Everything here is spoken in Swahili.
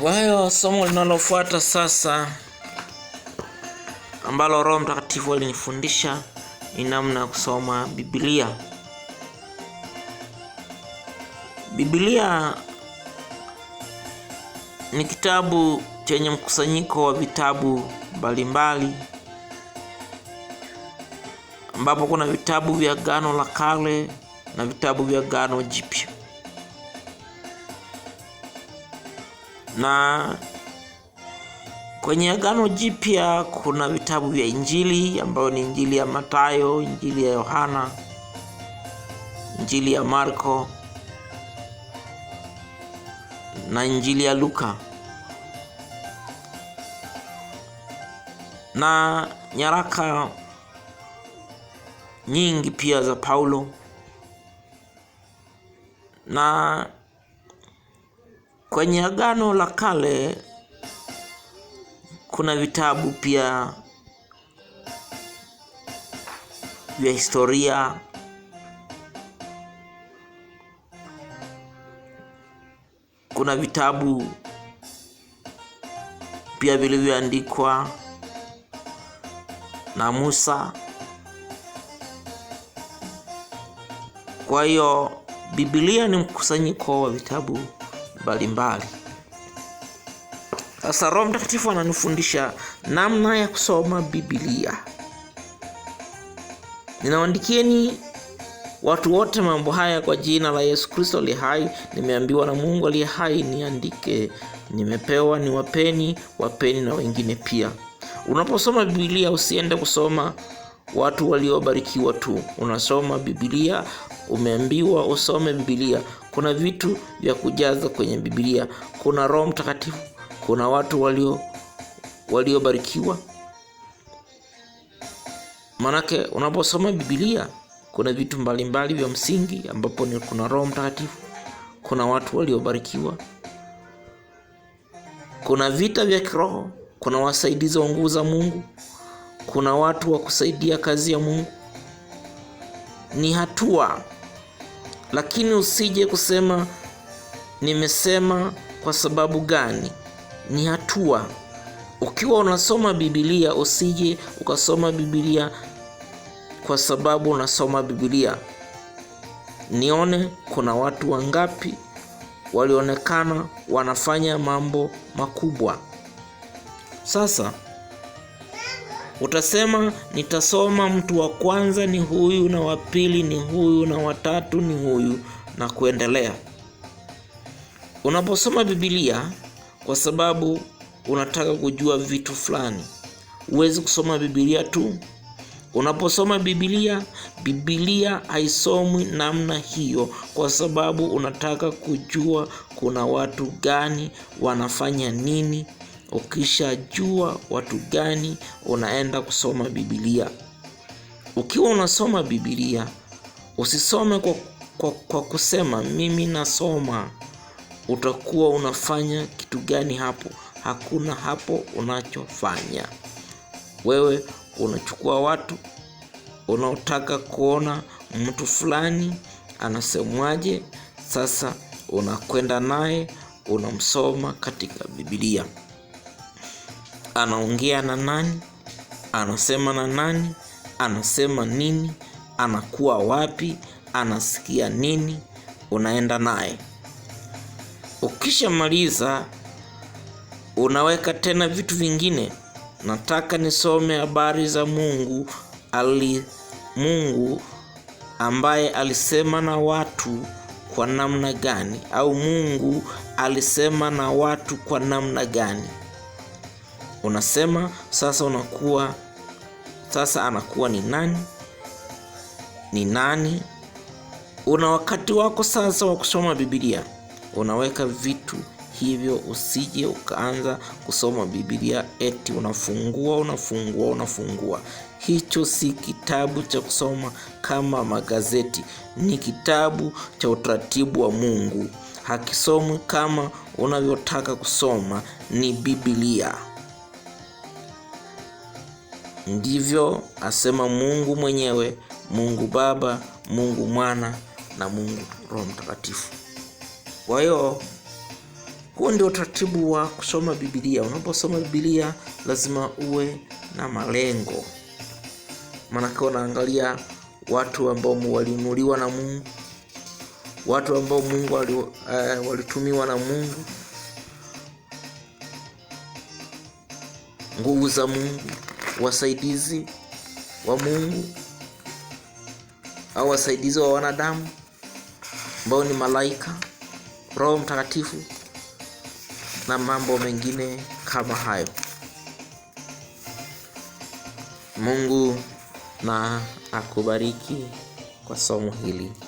Kwa hiyo somo linalofuata sasa ambalo Roho Mtakatifu alinifundisha ni namna ya kusoma Biblia. Biblia ni kitabu chenye mkusanyiko wa vitabu mbalimbali ambapo kuna vitabu vya Agano la Kale na vitabu vya Agano Jipya. na kwenye Agano Jipya kuna vitabu vya Injili ambayo ni Injili ya Matayo, Injili ya Yohana, Injili ya Marko na Injili ya Luka na nyaraka nyingi pia za Paulo na Kwenye Agano la Kale kuna vitabu pia vya historia kuna vitabu pia vilivyoandikwa na Musa. Kwa hiyo Biblia ni mkusanyiko wa vitabu mbalimbali. Sasa Roho Mtakatifu ananifundisha namna ya kusoma Biblia. Ninawaandikieni watu wote mambo haya kwa jina la Yesu Kristo aliye hai. Nimeambiwa na Mungu aliye hai niandike, nimepewa ni wapeni na wengine pia. Unaposoma Biblia usiende kusoma watu waliobarikiwa tu. Unasoma Biblia, umeambiwa usome Biblia. Kuna vitu vya kujaza kwenye Biblia, kuna Roho Mtakatifu, kuna watu walio waliobarikiwa. Manake unaposoma Biblia kuna vitu mbalimbali vya msingi ambapo ni kuna Roho Mtakatifu, kuna watu waliobarikiwa, kuna vita vya kiroho, kuna wasaidizi wa nguvu za Mungu kuna watu wa kusaidia kazi ya Mungu, ni hatua. Lakini usije kusema nimesema kwa sababu gani, ni hatua. Ukiwa unasoma Biblia usije ukasoma Biblia kwa sababu unasoma Biblia. Nione kuna watu wangapi walionekana wanafanya mambo makubwa. Sasa Utasema nitasoma mtu wa kwanza ni huyu na wa pili ni huyu na watatu ni huyu na kuendelea. Unaposoma bibilia kwa sababu unataka kujua vitu fulani, huwezi kusoma bibilia tu. Unaposoma bibilia bibilia haisomwi namna hiyo kwa sababu unataka kujua kuna watu gani wanafanya nini ukishajua watu gani unaenda kusoma Biblia. Ukiwa unasoma Biblia, usisome kwa, kwa, kwa kusema mimi nasoma. Utakuwa unafanya kitu gani hapo? Hakuna hapo unachofanya wewe. Unachukua watu unaotaka kuona mtu fulani anasemwaje, sasa unakwenda naye unamsoma katika Biblia anaongea na nani, anasema na nani, anasema nini, anakuwa wapi, anasikia nini, unaenda naye. Ukishamaliza unaweka tena vitu vingine. Nataka nisome habari za Mungu ali Mungu ambaye alisema na watu kwa namna gani, au Mungu alisema na watu kwa namna gani? unasema sasa, unakuwa sasa anakuwa ni nani, ni nani. Una wakati wako sasa wa kusoma Biblia, unaweka vitu hivyo, usije ukaanza kusoma Biblia eti unafungua unafungua unafungua. Hicho si kitabu cha kusoma kama magazeti, ni kitabu cha utaratibu wa Mungu. Hakisomwi kama unavyotaka kusoma, ni Biblia. Ndivyo asema Mungu mwenyewe, Mungu Baba, Mungu Mwana na Mungu Roho Mtakatifu. Kwa hiyo huo ndio utaratibu wa kusoma Biblia. Unaposoma Biblia lazima uwe na malengo, maanake unaangalia watu ambao walinuliwa na Mungu, watu ambao Mungu eh, walitumiwa na Mungu, nguvu za Mungu wasaidizi wa Mungu au wasaidizi wa wanadamu ambao ni malaika, Roho Mtakatifu na mambo mengine kama hayo. Mungu na akubariki kwa somo hili.